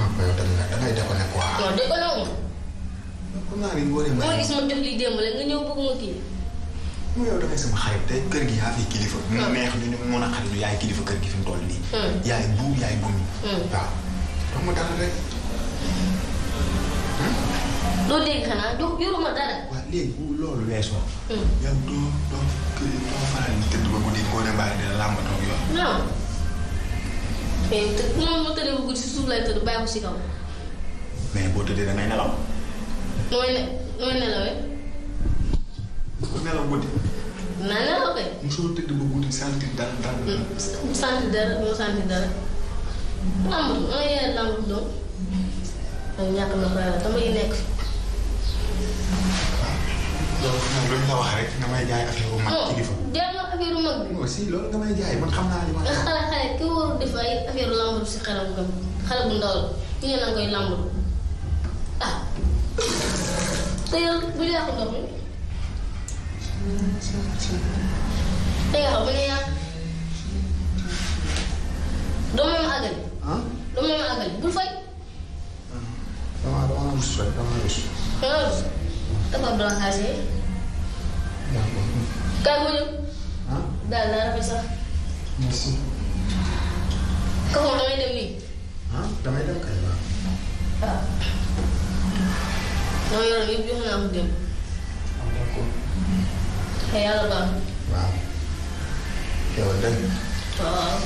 papa yow tamit nag dangay déconné quoi. non déconné wu ma. comme naa leen wóoree gis ma def lii démb la nga ñëw bëgg ma kii. mu yow dangay sama xarit tey kër gi yaa fi kilifa. Hmm. mu neex ñu ni mu mën a xarit yaay kilifa kër gi fi toll nii. Hmm. yaay buum yaay buum. Hmm. waaw donc ma dara rek. doo doo doo kër yi doo faral di tëdd ba guddi koo ne baax dina làmbatoo ak yoon. mais te moom moo tëddee bu guddi si suuf lay tëdd bàyyi ko si kaw. mais boo tëddee da ngay nelaw. nooy ne nooy nelawee. ku nelaw tëdd ba guddi sant dara dara. sant dara dara. amul mooy yéen a nangu doom. mooy ñàkk na ko damay nekk. waaw loolu moom lu la wax rek damay jaay affaire affaire mag bi. aussi oh, loolu nga may jaay man xam naa li ma. ndax xale xale ki warul def ay affaire lamb si xelam gam xale bu ndaw la ñu ne na koy lamb ah te yow bu ñu yàqu ndox mi. te yow bu ñu yàq doo may ma àggali. ah doo may ma àggali bul fay. damaa damaa rus rek damaa rus. damaa rus dafa blanchage. d'accord. kay bu ñëw. daal naa rafet sax. merci. kaw moom damay dem nii. ah damay dem kay waaw. ah. dama yoroon yëpp jox naa ko dem. ah d'accord. te yàlla baax na. waaw. yow dëgg. waaw.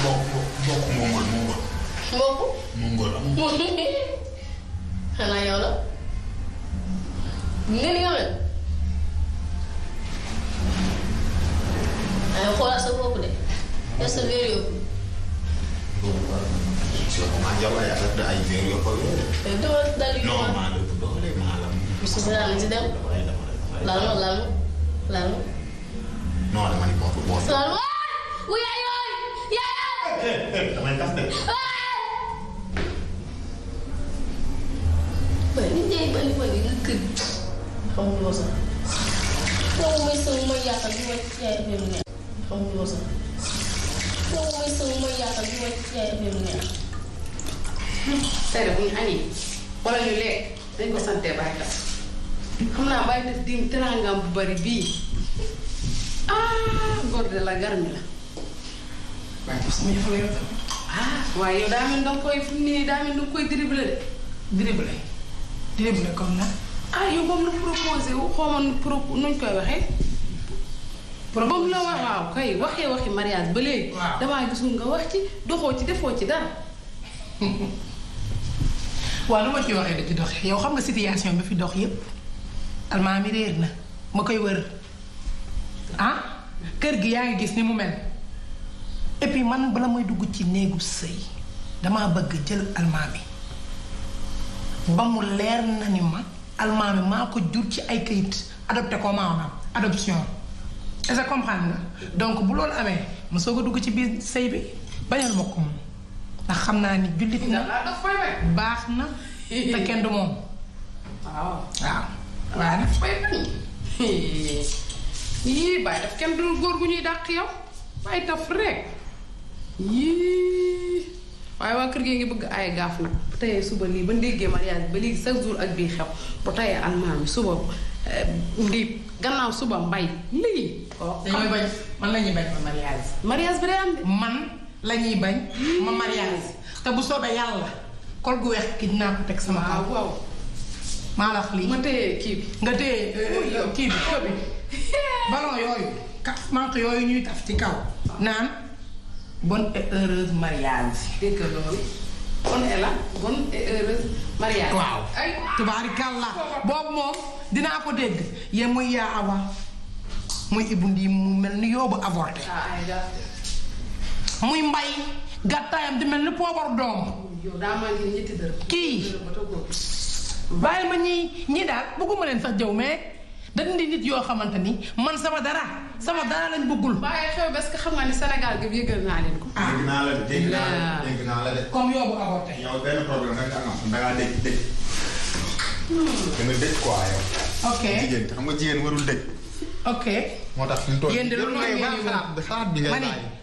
mbokk mbokk Mongol Mongol. mbokk. Mongol xanaa yow la. million ay xoolal sa bopp de yaa sa weer yóbbu. ay weer yóbbu ak non maa lépp doole maa la. bisu si daal ci dem. laal ma laal ma laal ma. non dama ni boo boo. laal ma wu yaayooy yaayooy. damay tax de. waaye nit ñi bali bali nga kër. xamuloo sax. foofu may sëw may yaatal bi wàcc yaay dafay mu neex. xamuloo sax. foofu may sëw may yaatal bi wàcc yaay dafay mu neex. Seydou bu ñu añee wala ñu lekk dañ ko santee bàyyi tas xam naa bàyyi tas di teraangaam bu bari bii ah góor de la garmi la. waaye tas sama yëf la yow tamit. ah waaye yow daa mel ni da nga koy fu mu ne nii daa mel ni da nga koy dribble de. dribble. dribble comme nag. ah yow ba mu la proposé wu xaw ma nu nuñ koy waxee. proposé ba mu la wax waaw kay waxee waxi mariage ba léegi. waaw damaa gisul nga wax ci doxoo ci defoo ci dara. waaw lu ma ci waxee da ci doxee yow xam nga situation bi fi dox yépp almaa mi réer na ma koy wër ah kër gi yaa ngi gis ni mu mel et puis man bala may dugg ci néegu sëy damaa bëgg jël almaa bi ba mu leer na ni ma. almaam yi maa ko jur ci ay kayit adopté ko adoption est-ce que donc bu loolu amee ma soog a dugg ci biir sëy bi bañal ma moom ndax xam naa ni jullit na baax na te kenn du moom waaw waaw waaye daf kenn du góor gu ñuy dàq yow bàyyi taf rek waaye waa kër gi ngi bëgg ay gaaf la bu tayee suba lii ba ndéggee mariage ba léegi chaque jour ak bii xew bu tayee almaami suba ndiib eh, gannaaw suba mbay lii. Oh, dañuy bañ man la ñuy bañ ma mariage. mariage bi day am de. man la ñuy bañ. ma mariage te bu soobee yàlla kol gu weex ki dinaa ko teg sama kaw. waaw maa lii. ma téye kii bi nga téye eh, kii bi. ballon yooyu. ka manque yooyu ñuy taf ci kaw naan. bonne et heureuse mariage. dégg nga loolu. waaw tubaarikàlla boobu moom dinaa ko dégg yéen muy yaa awa muy Ibou Ndi mu mel ni yóbbu avorté. Ah, muy mbay gàttaayam di mel ni poobar doom. kii bàyyi ma ñi ñi daal bëgguma leen sax jëw mais dañ nit yoo xamante ni man sama dara. sama dara lañ bëggul. waaye xew parce que xam ni Sénégal gi yëgal naa leen ko. ah dégg naa la dégg naa la dégg naa la de. comme yow bu avorté. yow benn problème rek am na da ngaa hmm. ok jigéen xam nga moo tax fi mu toll. lu nooy ngeen di xalaat bi nga. ma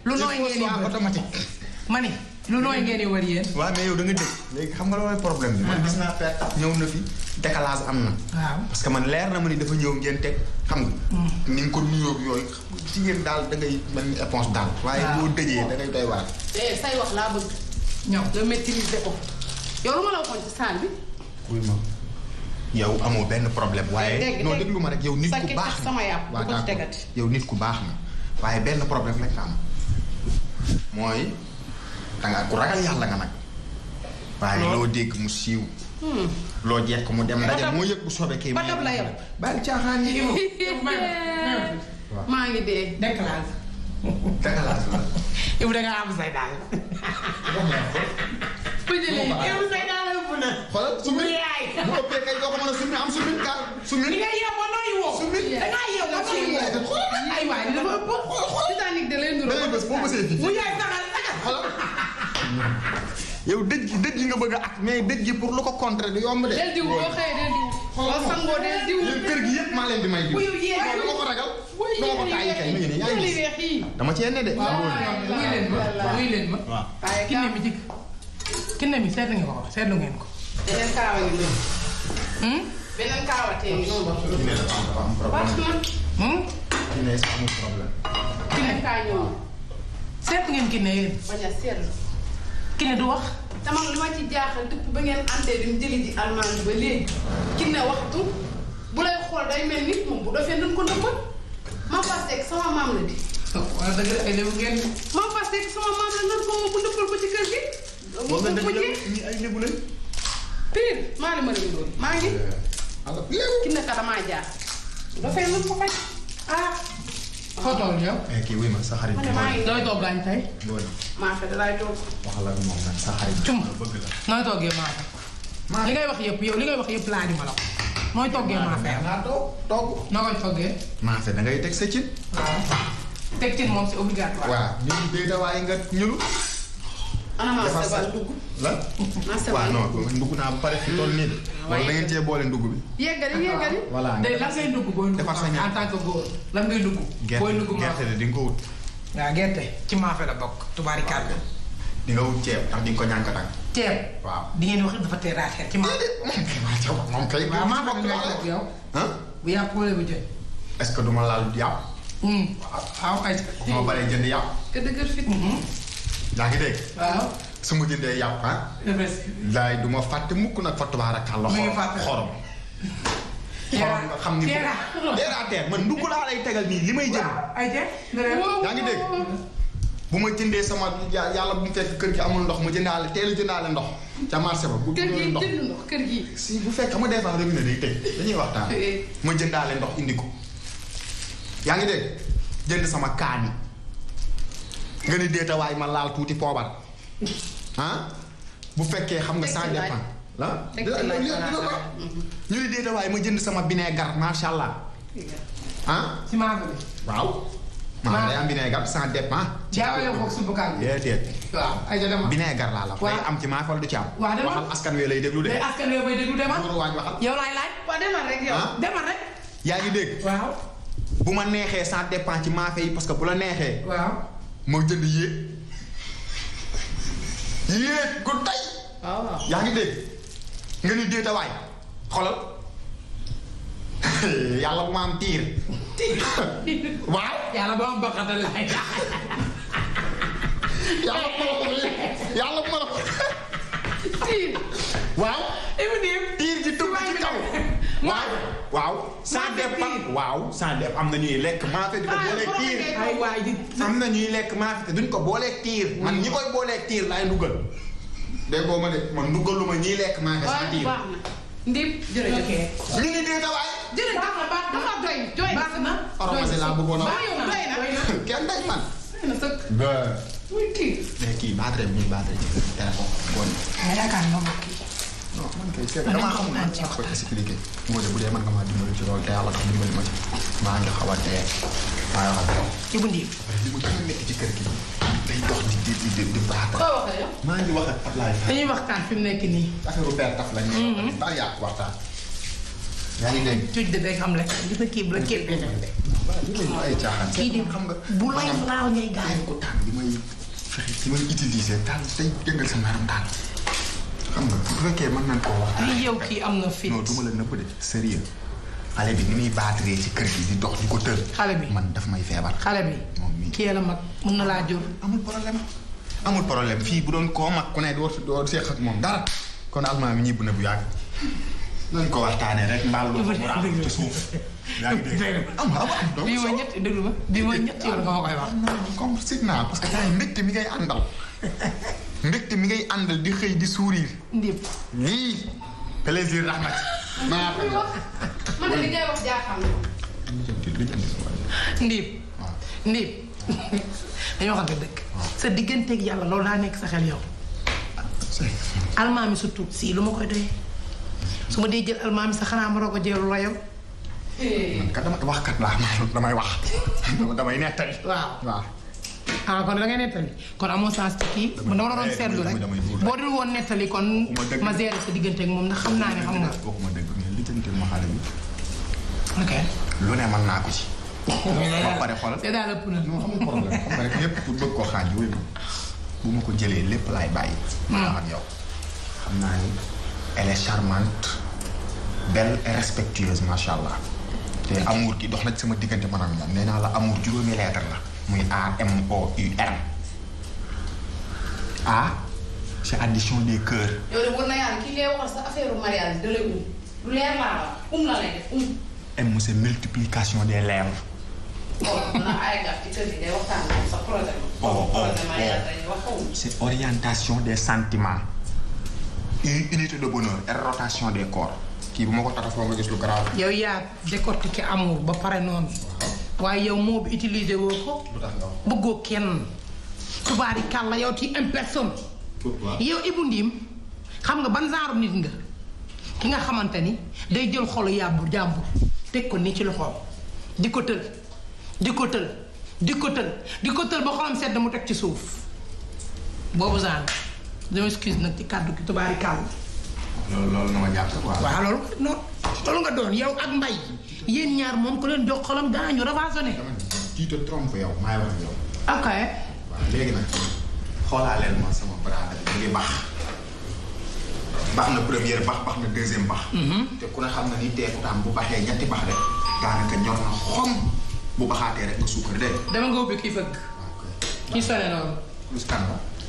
lu nooy ngeen di lu nooy ngeen di war yéen. waaw mais yow da nga léegi xam nga loolu problème man gis naa perte ñëw na fi décalage am na. waaw leer na ma ni dafa ñëw ngeen teg xam nga. Hmm. ni nga ko ci ngeen daal da ngay mel daal. waaye boo dëjee da ngay doy waar. Eh, wax laa bëgg. ñoom nga yow lu ma benn problème. waaye non déglu ma rek yow nit ku baax na waaw yow nit ku baax na waaye benn problème lañ fa am mooy. danga ku ragal yàlla nga nag waaye loo dégg mu siiw hmm. loo jekk mu dem ndaje moo yëg bu soobee kii batab la yow bal caaxaan yi maa ngi dee déclage déclage la yow da nga am say daal bu jëlee yow say daal bu na xoolal summi yaay bu ëppee kay doo ko mën a summi am summi daal summi ni nga yeew ba nooy woo summi da nga yeew ba nooy woo ay waay dafa ëpp Titanic da lay nuru bés boo bësee fii mu yaay taxal taxal yow dëj gi dëj gi nga bëgg ak mais dëj gi pour lu ko contrer du yomb de. del diw boo xëyee del diw. kër gi yëpp maa leen di may diw. dama ko ragal. dama ko taay kay mi ngi nii yaa de. waaw leen ma wuy mi jig kinne ngeen ko wax seetlu ngeen ko. beneen kaawa ngi hmm? noonu. Hmm? ngeen kinne yéen. a seetlu. Kiné du wax. dama lu ma ci jaaxal depuis ba ngeen antee dem jëli ji almaan ba léegi Kiné waxtu bu lay xool day mel ni moom bu dofee nañ ko nëbbal ma Fassek sama maam la di. waaw dëgg la ma Fassek sama maam ko ci kër gi. moom la ko ñii ay lébu maa ngi ma leen doon maa ngi. alors léegi ka damaa jaaxal. dofee nañ ko faj ah. foo toll yow. kii wuy ma sa xarit. nooy toog gaañ tey. maafe dalaay toog. waxal ak moom nag sa xarit. cuma nooy toggee maafe. maafe li ngay wax yëpp yow li ngay wax yëpp laa di ma la ko. nooy toggee maafe yow. naa toog togg. noo koy toggee. maafe da ngay teg sa cin. waaw cin moom c'est obligatoire. waaw ñu dee waaye nga ñulu. ananas ah, sabal ndugg la ah, waaw non ndugg naa ba pare fi toll nii de ah, wala da ngeen cee boole ndugg bi yeggali yeggali voilà tey lan ngay ndugg booy ndugg en gerte di ko wut waaw ci maafe la bokk tubaarikàlla di nga wut ceeb ndax di ko ñànk nag ceeb waaw di ngeen wax dafa teel a xeer ci maafe moom kay waaw moom bokk ak yow bu yàpp wala bu jën est-ce que du ma laal yàpp hmm. waaw aw ay ma baree jënd yàpp yaa ngi dégg. waaw su ma jëndee yàpp ah. Eh, laay du ma fàtte mukk nag fa tabaarakàlla xorom xorom nga xam ni teera teer man ndugg laa lay tegal nii li may jënd. yaa ngi dégg. bu ma jëndee sama yàlla bu mu fekk kër gi amul ndox ma jëndaale teel a jëndaale ndox ca marché ba. bu jëndoon ndox kër gi si bu fekk xam nga des fois rek ne day tëj dañuy waxtaan. Eh. ma jëndaale ndox indi ko. yaa ngi dégg jënd sama kaani nga ni déeta waay ma laal tuuti poobar ah bu fekkee xam nga sans dépend ñu ni déeta waay ma jënd sama vinaigre macha allah ah ci maafe bi waaw maafe day am vinaigre sans dépend jaawale laa la day am ci maafe du ci am waxal askan lay déglu de askan wi bay déglu yaa ngi dégg bu ma neexee sans depan ci maafe yi parce que bu la neexee moo jënd yéeg yéeg gu tay ah. yaa ngi dégg nga ni déeta waay xolal yàlla bu ma am tiir tiir waaw yàlla bu ma am baxatal laay yàlla bu ma la yàlla bu ma la tiir waaw tiir ci tub ci kaw waaw waaw. sans dép waaw sans dép am na ñuy lekk maafe di ko booleeg tiir. aywaay am na ñuy lekk maafe te duñ ko booleeg tiir. man ñi koy booleeg tiir laay ndugal. dégg nga ma de man ndugalu ma ñiy lekk maafe sans tiir. Ndip jërëjëf. ñu ngi dégg waay. jërëjëf baax na dafa doy. doy na baax na. oromasi laa bëggoon a. doy na kenn day man. ba. muy kii. mais kii batterie bi muy batterie ci téléphone. bon. yaakaar naa ma kii. non man kay seet damaa xamul man maa koy expliqué. moo de bu dee man nga maa dimbali ci loolu te yàlla ma ci xaw a dee a dee. Ibou Ndié. li mu gën a dox di di di di baax. maa ngi wax ak Ablaye. dañuy waxtaan fi mu nekk nii. affaire père taf lañ. bari yàq waxtaan. yaa ngi dégg. tuuti de day xam la li ko kii bu la kii bi. waaw ay di xam nga bu lay laal ngay gaañ ko tànn di may fexe di may utiliser daal day xam nga bu fekkee mën nañ koo wax. yow kii am na fit. non du ma la nëbb de sérieux xale bi ni muy baateree ci kër gi di dox di ko bi man daf may feebar. xale bi moom mii mag mën na laa jur. amul problème amul problème fii bu doon koo ku ne doo doo seq ak moom dara kon almaa mi bu yàgg. ko waxtaanee rek mbaal lu mu raadu ci suuf. yaa ngi dégg am na bii ma bii yoon nga ma koy wax. comme si naa parce mi ngay àndal. mbégte mi ngay àndal di xëy di sourire. ndépp lii plaisir rahmat. maa ngi man li ngay wax jaaxal na. ndépp ndépp dañoo xam ne sa digganteeg yàlla loolu daa nekk sa xel yow. almaami surtout si lu ma koy doyee. su ma dee jël almaami sa xanaa ma roog a jël la yow. man kat wax kat damay wax damay nettali. ah kon da ngay nettali kon amoo sens ci kii man dama doon seetlu woon nettali kon ma gérer sa diggante moom ndax xam naa ne xam lu ne mën naa ko ci. ba pare xoolal te daal ëpp na. xam nga lépp pour bëgg ko xaaj wéy ko jëlee lépp laay bàyyi. Hmm. maanaam ak yow xam naa ni te amour gi dox na sama diggante maanaam ñoom la amour juróomi lettre la. muy A M O U R A c' est addition des cœurs. yow de war na yàlla ki ngay waxal sa affaire mariage da um lay um M c' multiplication des lèvres. kon oh, na ah, ay oh, oh, um. orientation des sentiment une unité de bonheur et rotation des corps. kii bu ma ko tax a foo gis lu grave. yow yaa décortiquer amour ba pare noonu. waaye yow moo bi utilisé woo ko. lu tax nga bëggoo kenn. tubaari kàlla yow ci impersonne. pourquoi yow Ibou Ndim xam nga ban genre nit nga. ki nga xamante ni day jël xolu yàbbu jàmbur teg ko ni ci loxoom di ko tël di ko tël di ko tël di ko tël ba xolam sedd mu teg ci suuf boobu genre dama excuse nag ci kàddu gi tubaari kàlla. loolu loolu na ma jàpp quoi. waaw loolu non loolu nga doon yow ak mbay yéen ñaar moom ku leen jox xolam daañu refaçonné. dama tu te trompes yow maay wax yow. ok. waaw baax. baax na première baax baax na deuxième baax. Mhm. te ku ne xam na ni teekutaan bu baaxee ñetti baax rek daanaka ñor na xom bu baaxaatee rek nga suukar dee. dama nga ubbi kii fëgg. kii sone noonu. plus kan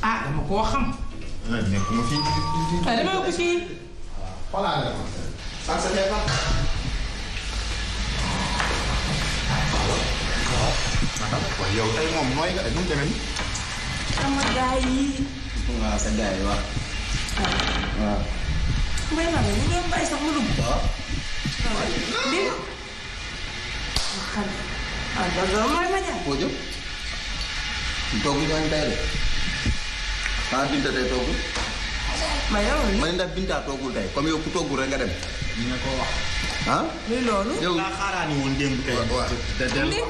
ah dama koo xam. Eh, ah, dama ko fii. Voilà la réponse. Ça ne se fait pas. waaw yow tey moom nooy nga de nu mu demee nii. sama gars yi. waaw sa gars yi waaw. waaw. mbay ma ne ñu ngi mbay sax mu dugg. waaw. dégg nga. ah d'accord mooy ma ñaan. koo jëm. togg ñooñu tey de. ah dina tey togg. ma yorul ma ne ndax Binta toogul tey comme yow ku toogul rek nga dem. dina ko wax. ah. luy loolu. yow daa xaaraani woon démb tey. waaw te dellu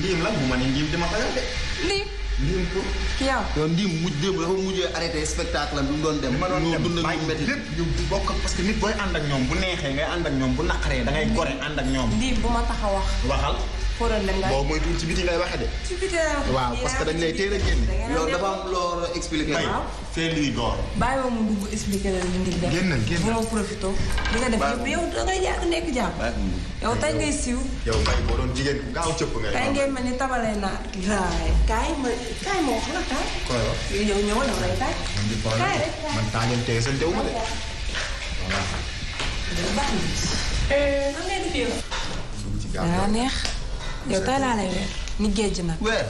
ndiim la bu ma ne ndiim dama xayal de. ndiim. ndiim pour. yow. yow ndiim mujj démb dafa mujjee arrêté doon dem. ma doon dem dund ñu métti lépp bokk parce que nit booy ànd ak ñoom bu neexee ngay ànd ak ñoom bu naqaree dangay ngay gore ànd ak ñoom. ndiim bu ma tax a wax. waxal. xoolal nag boo moytuwul ci biti ngay waxe de. ci biti waaw parce que dañ lay teel a génne. loolu dafa am loo expliqué. waaw fee lii góor. bàyyi ma mu dugg expliqué la li ngi def. génnal génnal bu ma profité. li nga def yëpp yow da ngay jàpp nekk jàpp. yow tey ngay siiw. yow mbay boo doon jigéen ku gaaw cëpp ngay. tey ngay mel ni tabalay naa. waaye kaay ma kaay ma wax la kaay. koy wax yow ñëwal na lay kaay. kaay rek kaay man taaleen tey seen teew ma de. voilà. baax na. Eh. lan ngay def yow. daa neex. yow tey laa lay weer ni géej nag. weer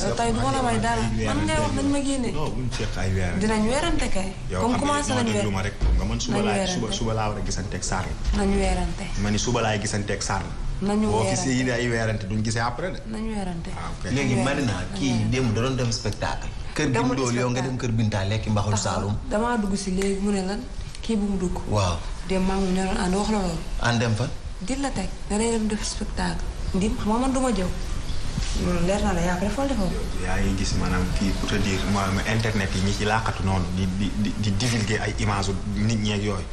yow tey du ma la may dara man ngay wax nañ ma génne. non ay weer dinañ weerante kay. comme commencé nañ weer ma rek nga man suba laay suba suba laa war a gisanteeg Sarr la. nañ weerante. suba laay gisanteeg Sarr la. nañu weerante ay weerante duñ gisee après nañu weerante. Ah, léegi Marina kii démb da doon dem spectacle. kër gi mu dool yow nga dem kër Binta lekki mbaxul Saalum. damaa dugg si léegi mu ne lan kii bu mu dugg. waaw dem maa ngi ñoroon ànd wax la loolu. ànd dem fan. di la teg nga dem def spectacle ndim xam man du ma jëw loolu leer naa la yaa ko defal defal. yaa ngi gis maanaam kii pour te dire maanaam internet yi ñu ci laaxatu noonu di di di ay image nit ñeeg yooyu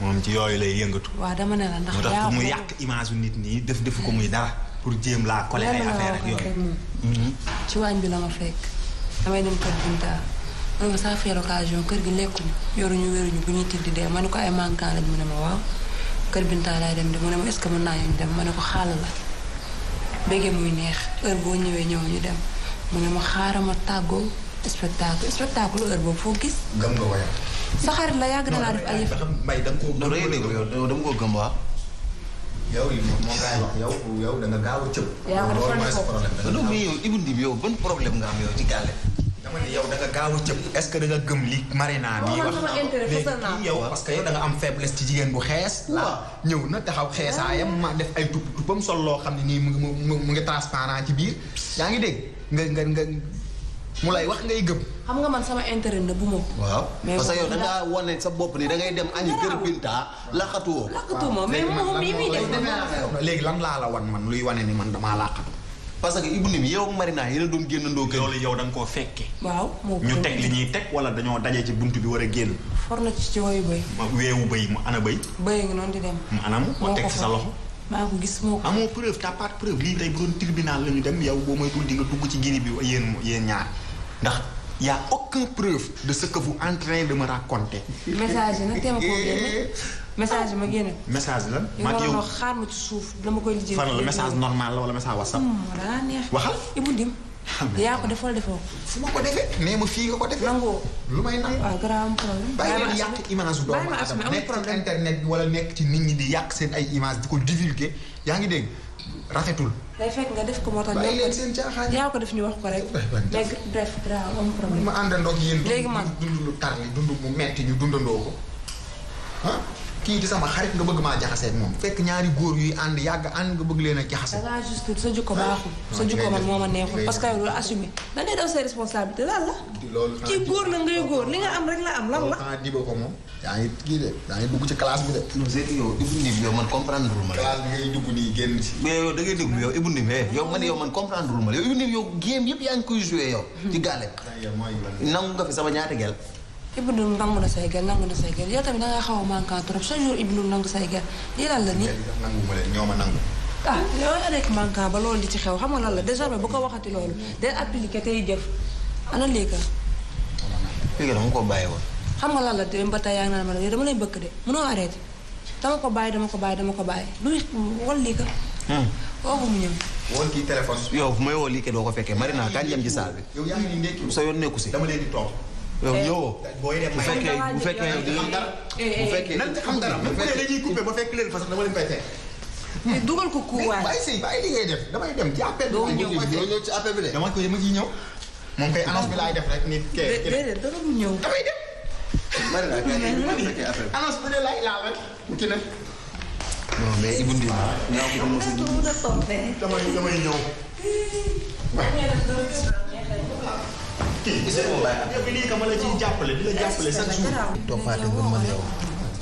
moom ci yooyu lay yëngatu. waaw dama ne la ndax mu yàq image nit ñi def defu ko muy hmm. dara pour jéem laa collé yooyu. Hmm. ci waañ bi la ma fekk damay dem kër Binta man ma saa fi occasion kër gi lekkuñu yoruñu wéruñu bu ñuy tëdd dee ma ne ko ay manquant lañ mu ne ma waaw kër Binta laay dem de mu ne ma est ce mën naa ñu dem ma ne ko xaaral bége muy neex heure boo ñëwee ñëw ñu dem mu ne ma xaaral ma tàggoo spectacle spectacle heure boobu foo gis. gëm la yàgg na laa def ay yëf. mbay da nga koo gëm da nga koo gëm waaw. yow yi moom moo koy wax yow yow da nga gaaw a cëb. yaa ngi ko problème yow Ibou Ndim yow ban problème nga am yow ci gàlle. dama ne yow da nga gaaw a cëpp est-ce que da nga gëm lii Marina bi wax léegi yow parce que yow am faiblesse ci jigéen bu xees ñëw na taxaw xeesaayam ma def ay tupp tuppam sol loo xam ne nii mu mu ngi transparent ci biir yaa ngi dégg nga nga nga mu lay wax ngay gëm xam nga man sama intérêt na bu ma waaw parce que yow da ngaa wane sa bopp ni da ngay dem añi kër Binta laqatuwoo laqatu moom mais moom léegi lan laa la wan man luy wane ni man damaa laqatu parce que Ibou Ndim yow Marina yéen a doon génnandoo kër. loolu yow da nga koo fekke waaw ñu teg li ñuy teg wala dañoo daje ci bunt bi war a génn. for na ci ci woyu bëy. weewu bëy mu ana bëy. bëy ngi noonu di dem. mu ana mu moo teg ci sa loxo. maa ko gis moo ko. amoo preuve t'as pas preuve lii tey bu doon tribunal la ñu dem yow boo moytuwul di nga dugg ci gini bi yéen yéen ñaar ndax. y' a aucune preuve de ce que vous en train de me raconter. message yi nag message ma génne. message la mag yow xaar ma ci suuf dama koy lijjanti. fan message normal la wala message whatsapp. wala hmm, neex waxal Ibou Ndim. yaa ko defoo. fu ma ko defee nee ma fii nga ko defee. nangoo lu may nangu. waaw grave problème. bàyyi leen yàq image doomu aadama nekk ci internet bi wala nekk ci nit ñi di yàq seen ay image di ko divulguer yaa ngi dégg rafetul. day fekk nga def ko moo tax. bàyyi seen caaxaan yaa ko def ñu wax ko rek. mais bref grave am ma lu tar li dund mu metti ñu dundandoo ko kii di sama xarit nga bëgg maa jaxasee moom fekk ñaari góor yuy ànd yàgg ànd nga bëgg leen a sa jikko ah. Ah, man moo ma que yow lan am rek la am lan la. xanaa diba ko moom. kii de ngi dugg ci classe bi de. non c'est yow Ibou Ndim yow man comprendre mais yow da ngay déglu yow Ibou Ndim eh, yow man yow ma la yow Ibou Ndim yow game yëpp fi sama ñaata gel Ibou Ndour nangu na say gel nangu na say gel yow tamit da ngay xaw a manquant trop chaque jour Ibou Ndour nangu say gel lii lan la nii. nangu ma leen ñoo ma nangu. Ah, ba loolu di ci xew xam nga lan la désormais bu ko waxati loolu day appliqué tey jëf ana léegi. léegi dama ko bàyyi woon. xam nga lan la démb ba tey yaa ma dama lay bëgg de mënoo arrêté dama ko ko bàyyi dama ko bàyyi luy wal lii ka. Hmm. woo ko mu ñëw. woon kii téléphone. yow fu sa yoon nekku si dama leen di toog yow bu fekkee bu fekkee bu fekkee nan ci xam dara même bu dee dañuy coupé ba fekk leen fa sax dama leen fay teg. mais dugal ko kuwaay. bàyyi sëy bàyyi li ngay def damay dem ci appel bi. doo ñëw ci appel bi de. dama koy ma ciy ñëw. moom kay annonce bi laay def rek nit. kee déedéet dara du ñëw. damay dem. mari la kay annonce bi de laay laal rek. ki ne. non mais Ibou Ndim. ñoo ko damay damay ñëw. kii oh, gis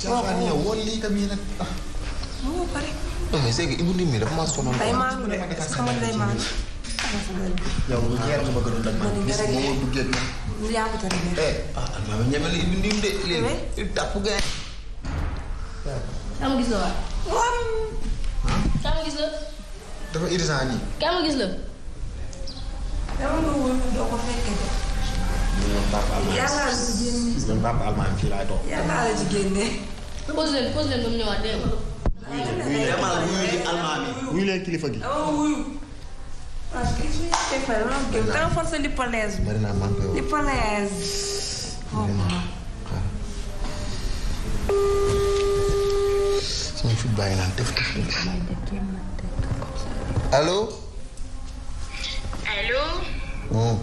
nga bàyyi am. yow lii ka a gis la Ibou Ndim de gis la waay. kama gis la. dafa gis la. yàllaa la ci génne ñoom Pape Almaañ fii laay toog. yàllaa la ci génne. pose leen pose leen ba mu ñëwaat dégg nga. wuyu leen kilifa gi. ah kii bi teg fa loolu kii bi danga forcé li palaise. bari naa maa ngi koy wax li palaise. sama fit bàyyi naan def allo. allo. bon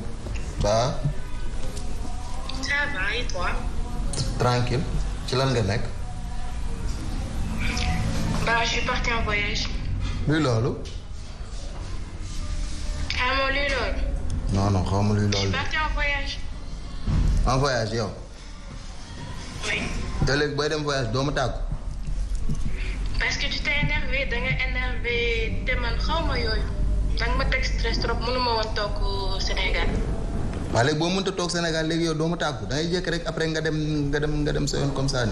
ça. et toi? tranquille ci lan nga nekk. bah je suis en voyage. luy loolu. xamoo ah, luy loolu. non non xamoo luy loolu. je yow. léegi booy dem voyage doo ma tàggu. parce que tu t'es énervé da xaw ma yooyu da ma teg stress trop mënu ma Sénégal. waaye léegi boo mënta toog Sénégal léegi yow doo ma tàggu da ngay rek après nga dem nga dem nga dem sa yoon comme ça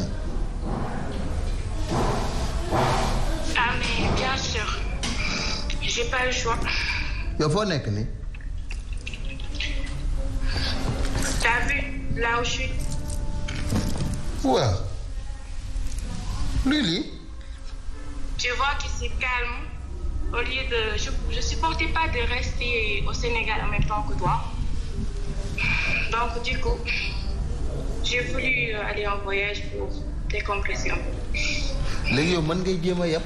ah, bien sûr j'ai pas le choix. foo nekk ni t'as vu je suis. waaw. luy lii. au lieu de je je supportais pas de rester au Sénégal en même Donc, du coup, j'ai voulu euh, aller mën ngay jéem a yàpp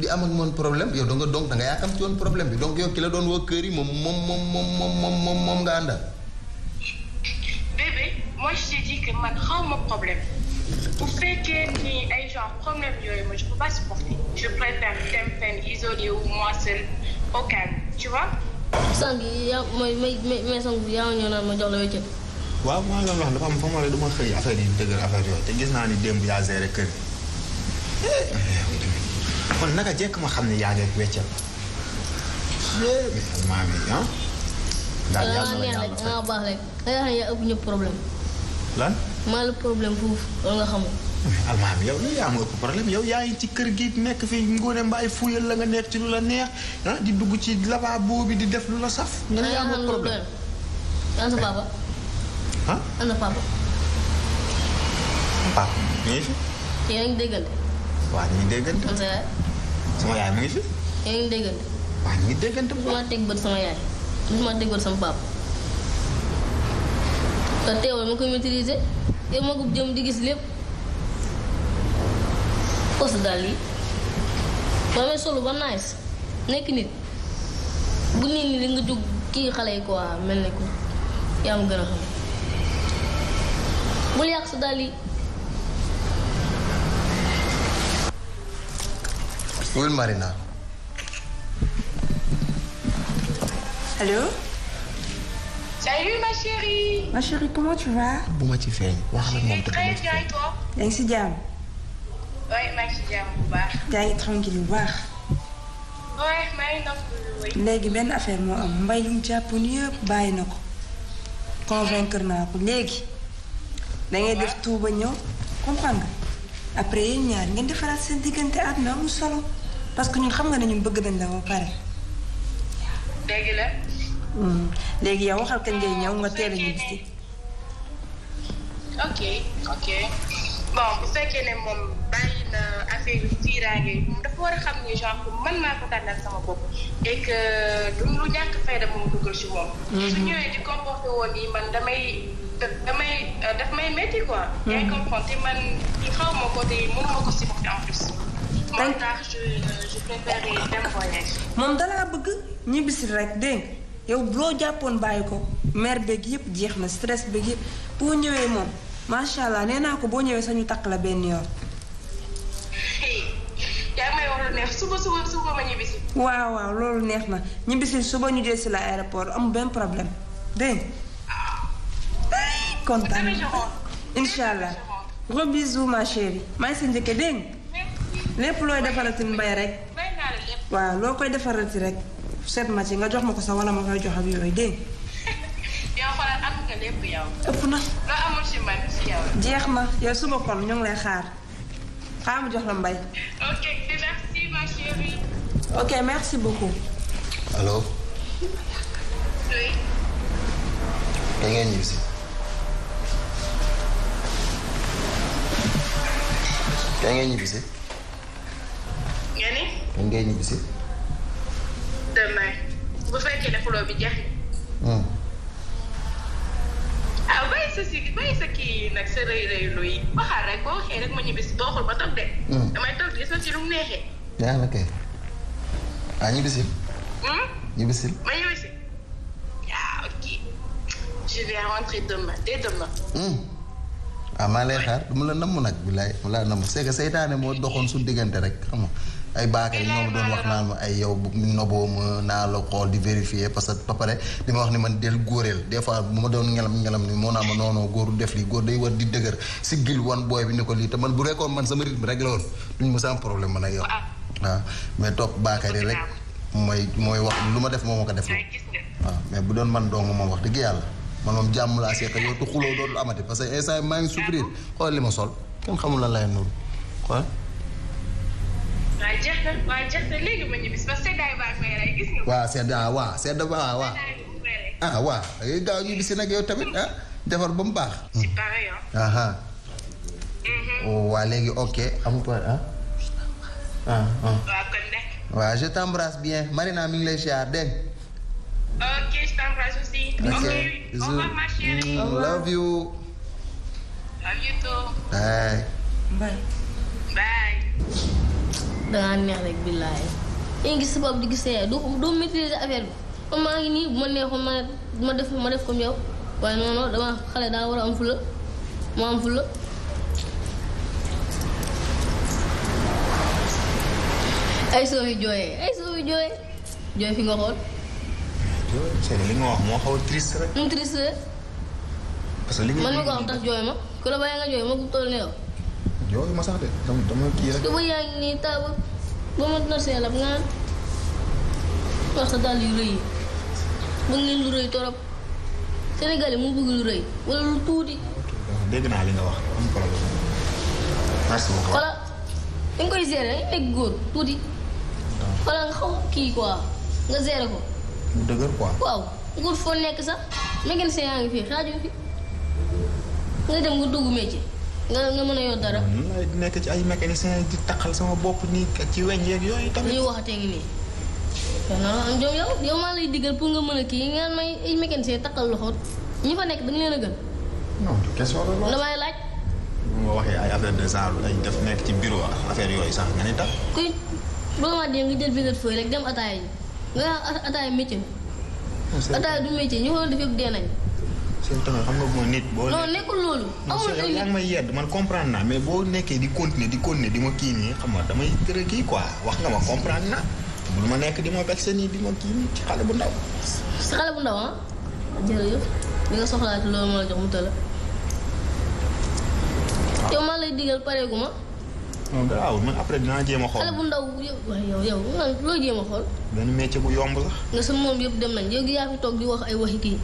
di am moon problème yow da donc da nga yaakaar ci woon problème bi donc yow ki la doon woo kër yi moom moom moom moom moom moom nga àndal. bébé moi je t'ai dit man xaw ma problème bu fekkee ni ay genre problème yooyu ma je peux supporter je préfère dem fenn isolé wu moi seul au calme sang yi yow mooy may may sang bi yaa ñëw naan ma jox la wéccet. waaw maa ngi dafa am fa ma ne du xëy affaire yi dëgër affaire yooyu te gis naa ni démb yaa géré kër eh, kon naka jekk ma xam ne yaa ngi ak wéccet. mais maa ngi ah. daal yàlla na yàlla baax rek nga xam yaa ëpp ñëpp problème. lan. maa la problème foofu loolu nga xamul. almaam yow yaa ma ëpp problème yow yaa ngi ci kër gi nekk fii ngoone mbaay fuyal la nga nekk ci lu la neex ah di dugg ci lavabo bi di def lu la saf. nga ne yaa ma ëpp problème sa papa. ah ana papa. mu ngi fi. yaa ngi déggante. waaw ñu ngi déggante. mu ngi fi. bët sama yaay. sama teg bët sama papa. te teewul ma koy maîtriser yow ma gub jëm di gis lépp kos daal yi ba may solo ba nice nekk nit bu nit li nga jóg kii xale yi quoi mel ne ko yaa ma gën a xam bul yàq sa daal yi wul Marina Salut ma chérie. ma chérie comment bu ma ci feeñ. waxal moom te très bien et toi. yaa ngi si jàmm. oui bu baax. yaa ngi tranquille bu baax. léegi benn affaire moo am mbay lu mu jàppoon yëpp bàyyi na ko. convaincre naa ko léegi. da ngay def tuuba ñëw comprendre nga. après yéen ñaar ngeen defaraat seen diggante àdduna amul solo parce que ñun xam nga ne bëgg nañ la ba pare. Mm. léegi yow waxal kañ ngay ñëw nga teel a ñibbi si. ok ok bon bu fekkee ne moom bàyyi na affaire yu fiiraange yi moom dafa war a xam ne genre man maa ko tànnal sama bopp et que du lu ñàkk fayda moom dugal si moom. Mm-hmm. man damay may métti quoi. Mm-hmm. yaa ngi te man xaw ma ko te mën ko supporté en plus. moom dalaa bëgg ñibbisi rek dégg yow loo jàppoon bàyyi ko mer beeg yëpp jeex na stress beeg yëpp boo ñëwee moom macha allah nee naa ko boo ñëwee sañu takk la benn yoon. yaa may wax lu neex ma ñibbisi. waaw waaw loolu neex na ñibbisi suba ñu dee si la aéroport amul benn problème dégg nga. allah. gros bisous ma chérie. maa ngi sa njëkke lépp looy defarati mbay rek. waaw loo koy defarati rek. seet ma ci nga jox ma ko sax wala ma koy jox ak yooyu dégg yow xoolal am nga lépp yow. ëpp na. jeex na yow suba kon ñu ngi lay xaar xaar mu jox la mbay. ok merci ma chérie. ok merci beaucoup. ngeen ñibbisi. ngeen ngeen ñibbisi. demain bu fekkee ne xuloo bi jeex hmm. ah bàyyi sa si bàyyi sa kii nag sa rëy rëy lu yi waxaal rek boo waxee rek ma ñibbi si xul ba toog de. Hmm. damay toog di sa si lu mu neexee. yaa ngi kay ah ñibbi hmm? ah, lay mu la namm nag bilaay mu laa seytaane moo doxoon suñu diggante rek xam ay baakar yi ñoom doon wax naa ma ay yow noboo ma naa la xool di vérifier parce que ba pare li ma wax ni man del góoreel des fois bu ma doon ngelam ngelam ni moo naa ma noonoo góor du def lii góor day war di dëgër si gil wan booy bi ni ko lii te man bu rekkoon man sama rythme rek la woon duñ ma am problème man ak ah. Ah. mais topp baakar yi rek mooy mooy wax lu ma def moom ma ko def la waaw ah. mais bu doon man doonga moom wax dëgg yàlla man moom jàmm laa seeq yow tu xuloo dootul amati parce que instant maa ngi souffrir xool li ma sol kenn xamul lan waaw jeex na waaw ba ah, waaw waaw. ah waaw da ngay gaaw ñibbi si nag yow tamit ah defar ba mu baax. Ah. Mhm. Oh, waa léegi ok amu ko ah. ah, ah. je t'embrasse bien Marina mi ngi lay ziar dégg je t'embrasse aussi. ok mm, love you. love dangaa neex rek billaay yaa gis sa bopp di gis sa yaay doo doo maîtriser affaire bi comme maa ngi nii bu ma neexoon ma ma def ma def comme daa war a am fula mu jooyee ay soo fi jooyee jooy fi nga xool. jooy li nga wax triste rek. man ma ko am tax jooy ma ku la bàyyi nga jooy ma ko toll ne yow. yooyu ma sax de dama dama kii rek. dama yaa ngi nii taabu ba ma norsee la nga wax sa dàll yu rëy yi bëgg lu rëy torop Sénégalais mu bëgg lu rëy wala lu tuuti. dégg naa li nga wax am problème. merci beaucoup nga xaw kii quoi nga gérer ko. mu dëgër quoi. waaw nguur foo nekk sax mécanicien yaa ngi fi xaaju fi nga dem nga dugg métier. nga nga mën a yor dara. nekk ci ay mécanicien di taxal sama bopp nii ci weñ yeeg yooyu tamit. li waxatee ngi nii. non non yow yow maa lay diggal pour nga mën a kii nga may ay mécanicien taxal loxo ñi fa nekk da nga leen a gën. non question la damay laaj. bu ma waxee ay affaire de genre ay def nekk ci bureau affaire yooyu sax nga ne tax. kuy ba nga dee nga jël visite fooy rek dem ataaya ji nga ataaya métier. ataaya du métier ñu xool def yëpp dee nañ seen tamit xam nga mooy nit. boo non nekkul loolu. amul yedd man comprendre naa mais boo nekkee di continuer di continuer di ma kii nii xam nga damay tërë kii quoi wax nga ma comprendre naa. bul ma nekk di ma vexé nii di ma kii nii ci xale bu ndaw. ci xale bu ndaw ah. jërëjëf li nga soxlaa ci ah. man après dinaa jéem a xool. xale bu ndaw yow yow loo jéem a xool. benn métier bu yomb la. nga sa moom yëpp dem nañ yow gi yaa fi toog di wax ay waxi kii.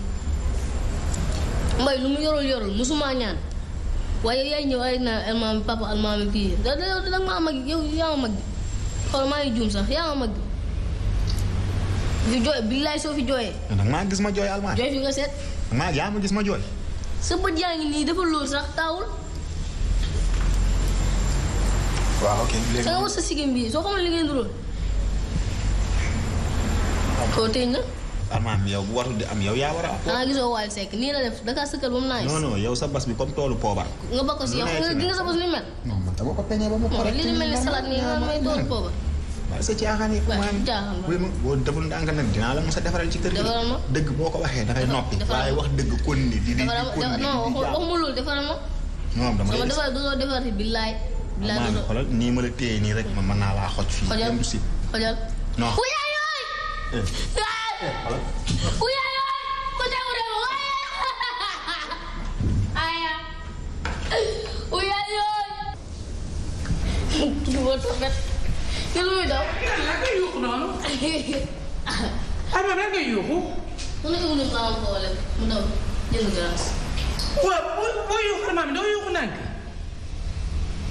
mbay lu mu yorul yorul musuma ñaan waaye yaay ñëw ay na almaami papa almaami kii da da da maa mag yow yaa ma mag xool maa ngi juum sax yaa ma mag fi jooy billaay soo fi jooyee. da maa gis ma jooy almaami. jooy fi gis ma jooy. sa bët yaa ngi nii dafa lool sax taawul. waaw nga war sa sigim bi soo xamal li ngeen dugal. waaw koo na. amaam yow bu warul di am yow yaa war a am. xanaa ah, gisoo Wally Seck nii la def da kaa sëkkal ba mu naaj. non non yow sa bas bi comme toolu poobar. nga bokk sa ko peñee ba nga may toolu poobar. la mos defaral ci kër gi. defaral ma dëgg boo ko waxee dafay noppi. waaye wax dëgg kon ni di di kon ni non waxuma loolu defaral ma. non dama lay defar doo defar billaay. billaay doo maa nii ma la téye nii rek ma mën naa laa xoj fii. xojal xojal. non. Eh. moo tax nag nga lu muy daw. lan nga yuuxu noonu. Adama lan nga yuuxu. mu ne Ibou Ndiouf maa ko mu daw jël glace. waaw boo boo yuuxu maam doo yuuxu nànk.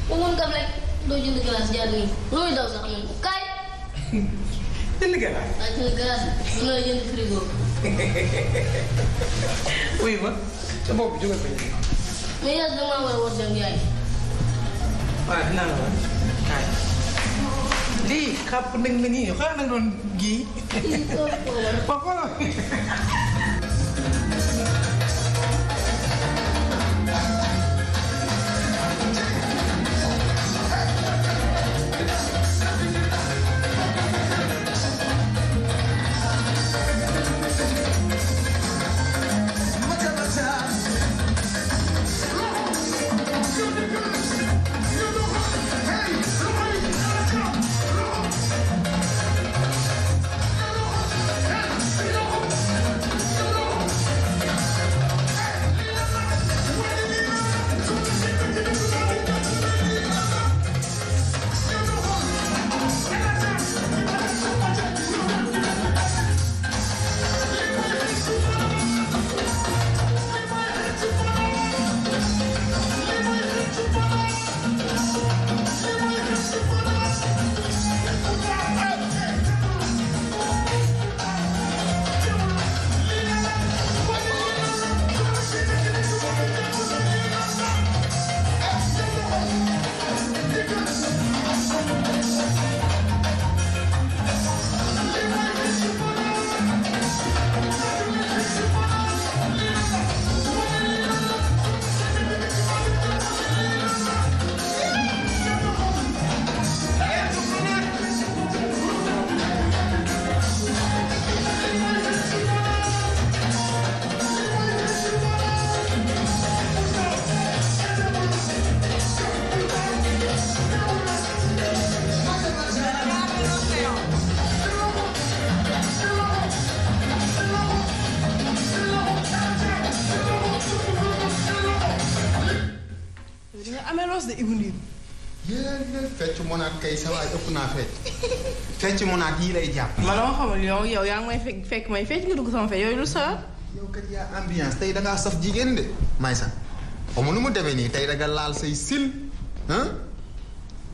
bu mu kam rek doo jënd glace jaar nii lu muy daw sax ñun jënd ganaar. waaw jënd ganaar mënoo jënd frigo. wuyu ma sa bopp jóge ko ñu. mais yow da ngaa war a war dem yaay. waaw dinaa la war kaay. lii xàpp nag la nii xaaral doon gii. lii monaat kay sa waay ëpp naa fecc fecc monaat yii lay jàpp. ma la ma xamul yow yow yaa ngi may fekk fekk may fecc nga dugg sama fecc yooyu lu sa. yow kat yaa ambiance tey da saf jigéen de. may sax xaw ma nu mu demee nii tey da laal say sil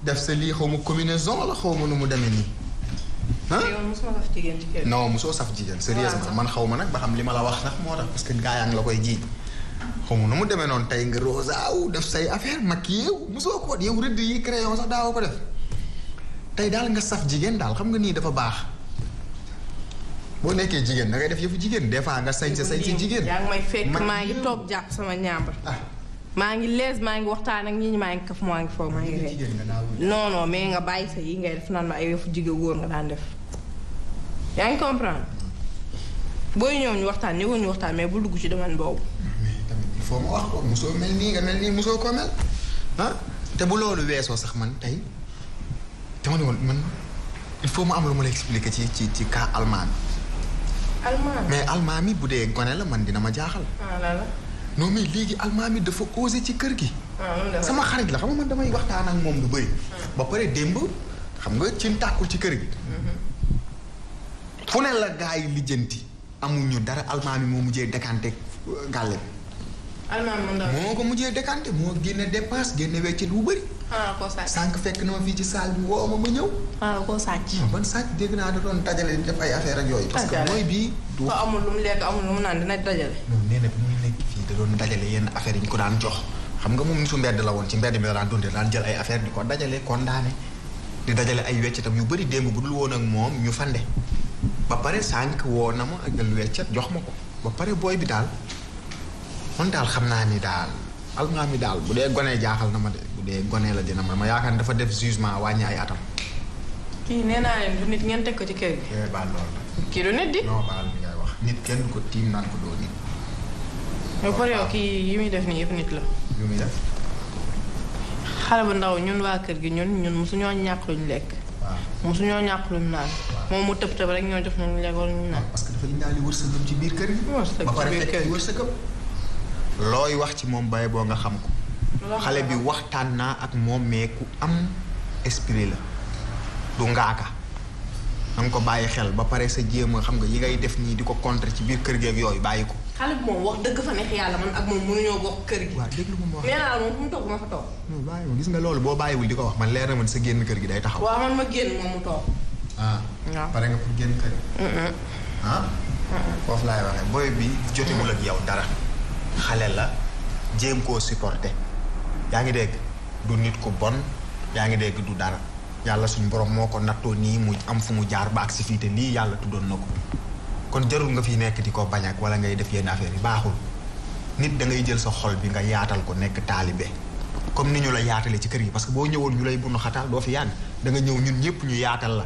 def sa lii xaw ma combinaison la xaw ma nu mu demee nii. ah yow mosoo saf jigéen ci saf jigéen. sérieusement man xaw ma nag ba xam li ma la wax sax moo tax parce que gaa yaa ngi la koy jiiñ. xaw ma mu demee noonu tey nga rosaaw def say affaire maquillé wu mosoo ko yow rëdd yi crayon sax daawoo ko def tey daal jigéen daal xam nga nii dafa baax boo nekkee jigéen da ngay def yëfu jigéen des fois nga sa sañ si jigéen. yaa ngi may fekk maa ngi toog jàpp sama ñaambar. Ah. maa ngi lees maa ngi waxtaan ak ñi ñu maa ngi kaf nga bàyyi sa yi def naan ma ay yëfu jigéen góor nga daan def yaa ngi comprendre mm. booy ñëw ñu waxtaan ñëwoon ñu waxtaan mais bu dugg ci domaine boobu. foo ma wax ko mosoo mel nii nga mel nii mosoo koo mel ah, te bu loolu weesoo sax man tey dama ne woon man il ma am lu ma la expliquer ci ci ci cas allemand bi. mais allemand mi bu dee gone la man dina ma jaaxal. Ah, non mais léegi allemand mi dafa osé ci kër gi. Ah, sama xarit la xam nga man damay waxtaan ak moom lu bëri. ba pare démb xam nga cin tàkkul ci kër gi. Mm-hmm. fu ne la gars yi lijjanti amuñu dara allemand mi moo mujjee décanté euh, gàlle bi moo ko mujjee décanté moo génne dépense génne weccit bu bëri. Ah, sànq fekk na ma fii ci salle bi woo ma ma ñëw. waaw ah, koo sàcc. Ah, ban sàcc dégg naa da doon dajale def ay affaire ak yooyu. parce que mooy bii. du amul lu mu amul lu mu naan dina da doon dajale yenn affaire yi ko daan jox xam nga moom nitu mbedd la woon ci mbedd mi la daan dundee daan jël ay affaire di di dajale ay weccitam yu bëri démb bu woon ak moom ñu fande ba pare sànq woo na ma ak lu weccet jox ma ko ba pare booy bi daal man daal xam naa ni daal almaami daal bu dee gone jaaxal na ma de bu dee gone la dina ma ma yaakaar ne dafa def jugement wàññi ay atam. kii nee naa nit ngeen teg ko ci kër gi. yooyu eh, baal loolu kii du nit di. wax nit kenn du ko tiim naan kii yi muy def nii yëpp nit la. yu muy def. xale bu ndaw ñun waa kër gi ñun ñun mosuñoo ñàkk luñ lekk. waaw mosuñoo ñàkk luñ naan. moom mu tëb tëb rek ñoo jox nañu lekk wala parce que dafa indaale wërsëgam ci biir looy wax ci moom bay boo nga xam ko. xale bi waxtaan naa ak moom mais ku am esprit la du ngaaka na nga ko bàyyi xel ba pare sa jéem a xam nga yi ngay def nii di ko contrer ci biir kër gi yooyu bàyyi ko. xale bi moom wax dëgg fa neex yàlla man ak moom mënuñoo bokk kër gi. waaw moom mu toog ma fa toog. gis nga loolu boo bàyyiwul di ko wax man leer na man sa génn kër gi day taxaw. waaw man ma génn moom mu toog. ah. waaw pare nga pour génn kër gi. ah. foofu bi jotewul yow dara. xale la jéem koo supporter yaa ngi dégg du nit ku bon yaa ngi dégg du dara yàlla suñu borom moo ko nattoo nii mu am fu mu jaar ba ak si fii te lii yàlla tuddoon na ko kon jarul nga fi nekk di ko bañ ak wala ngay def yenn affaire bi baaxul nit dangay jël sa xol bi nga yaatal ko nekk taalibe comme ni ñu la yaatalee ci kër gi parce que boo ñëwoon ñu lay bunu xataal doo fi yàgg da nga ñëw ñun ñëpp ñu yaatal la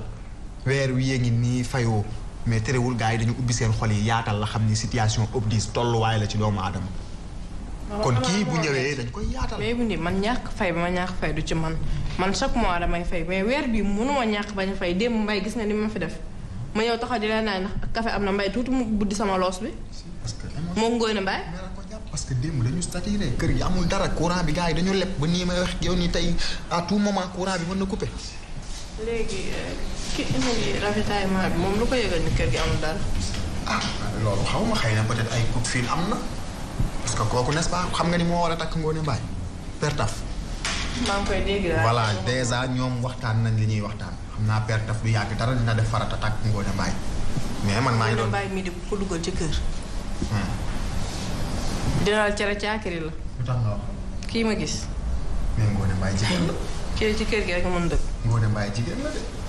weer wi yee ngi nii fayoo. mais terewul gaa yi dañu ubbi seen xol yi yaatal la xam ni situation obdise tolluwaay la ci doomu aadama. kon kii bu ñëwee dañ koy yaatal. mais bu ni man ñàkk fay ba ma fay du ci man man chaque mois damay fay mais weer bii mënuma ñàkk bañ fay démb mbay gis nga ni ma fi def ma ñëw taxaw di la naan ndax café am na mbay tuuti mu buddi sama loos bi. parce que moom ngóone mbaay. que démb dañu saturé kër gi amul dara courant bi gars yi dañu leb ba nii may wax yow nii tey à tout moment courant bi mën na coupé. ki indi ravitaillement bi moom lu ko yëgal ni kër gi amul dara. ah loolu xaw ma xëy na peut-être ay coup de am na parce que kooku n'est-ce xam nga ni moo war a takk Ngoné Mbaye Père maa ngi koy dégg daal ñoom waxtaan nañ li ñuy waxtaan xam naa Père Taf yàgg dara dina def farata takk Ngoné Mbaye mais man maa ngi doon Ngoné Mbaye mii di ko ci kër. dinaal hmm. cere la. lu tax kii ma gis. mais Ngoné Mbaye jigéen la. kii ci kër gi rek mën dëkk. Ngoné jigéen la de.